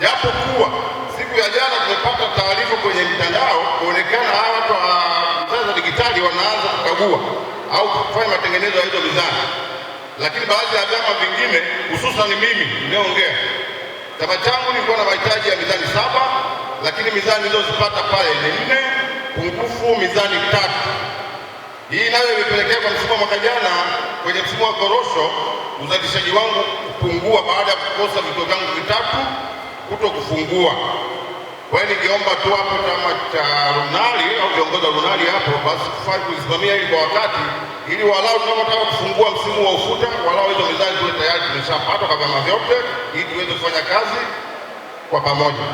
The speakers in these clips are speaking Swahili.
kuwa siku ya jana tumepata taarifa kwenye mitandao kuonekana hawa watu wa bidhaa za digitali wanaanza kukagua au kufanya matengenezo ya hizo bidhaa, lakini baadhi ya vyama vingine, hususan mimi ninayoongea, chama changu nilikuwa na mahitaji ya mizani saba, lakini mizani nilizozipata pale ni nne, pungufu mizani tatu. Hii nayo imepelekea kwa msimu wa mwaka jana kwenye msimu wa korosho uzalishaji wangu kupungua baada ya kukosa vituo vyangu vitatu kuto kufungua. Kwa hiyo ningeomba tu hapo chama cha runali au viongozi wa runali hapo basi kufai kuisimamia ili kwa wakati, ili walau tunapotaka kufungua msimu wa ufuta, walau hizo mizani tuwe tayari tumeshapata kwa vyama vyote, ili tuweze kufanya kazi kwa pamoja.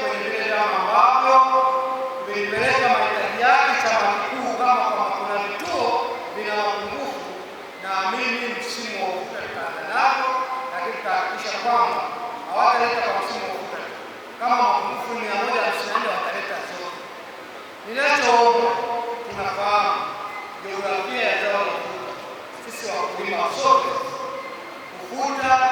kwenye vile vyama ambavyo vilipeleka mahitaji yake chama kikuu, kama kwamba kuna vituo vina mapungufu, naamini msimu wa uvuta tutaanza navyo, lakini tutahakikisha kwamba hawataleta kwa msimu wa uvuta. Kama mapungufu mia moja hamsini na nne wataleta zote. Ninachoomba, tunafahamu jiografia ya zao la uvuta, sisi wakulima sote uvuta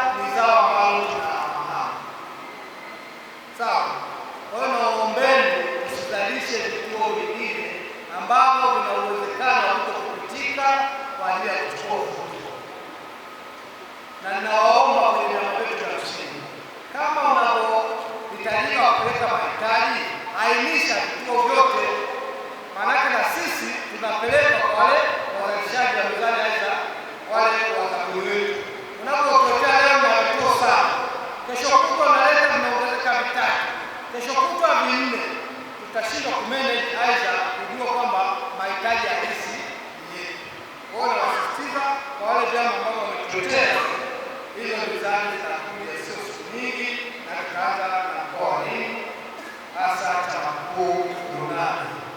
tunashindwa kumanage aidha kujua kwamba mahitaji halisi yenyewe. Kwa hiyo nawasisitiza kwa wale vyama ambao hizo mizani za kumi siku nyingi na tutaanza